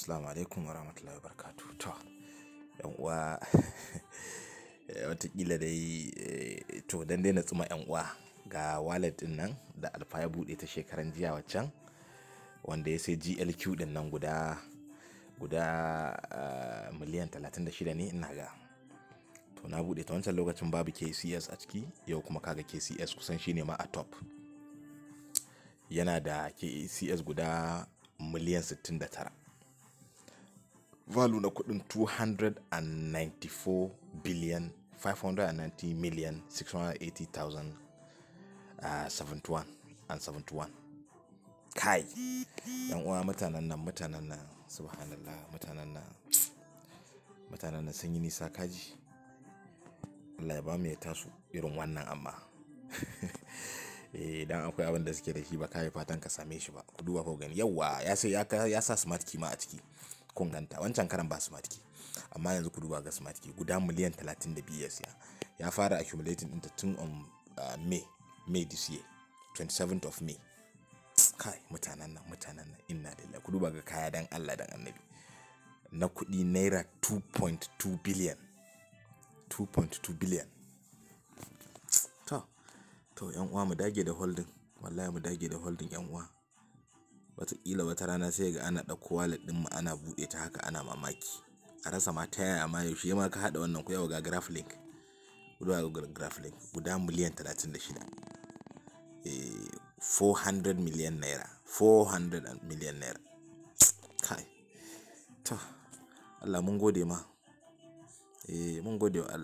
Assalamu alaikum wa rahmatullahi wa barakatu. To, ‘yan uwa, watakila dai, eh, to, dan dai na tsuma ‘yan uwa ga wallet din nan da alfa ya buɗe ta shekaran jiya waccan, wanda ya sai GLQ din nan guda guda eh, miliyan 36 ne ina ga. To, na buɗe ta wancan lokacin babu KCS a ciki, yau kuma kaga KCS kusan shine ma a top. Yana da KCS guda miliyan 69. valu na kudin 294 billion 590 million 680,000 uh, 71 and 71 kai yan uwa mutanen nan mutanen nan subhanallah mutanen nan mutanen nan sun yi nisa kaji Allah ya ba mu ya tasu irin wannan amma eh, idan akwai abin da suke da shi ba kai fatan ka same shi ba ku duba ko gani yawa ya sai ya sa smart key ma a ciki kun ganta wancan karan ba smart key amma yanzu ku duba ga smart key guda miliyan 32 ya siya ya fara accumulating ɗinta tun on may may this year 27th of may kai mutanen nan mutanen nan inna da ku duba ga kaya dan Allah dan annabi na kuɗi naira 2.2 billion 2.2 billion to to yan uwa mu dage da holding wallahi mu dage da holding yan uwa wataƙila wata rana sai ga ana ɗauko wallet ɗin ana buɗe ta haka ana mamaki a rasa ma ta yaya ma yaushe ma ka haɗa wannan ku yawa ga graph zuwa ga graph guda miliyan 36 eh 400 miliyan naira 400 miliyan naira kai to Allah mun gode ma eh mun gode wa Allah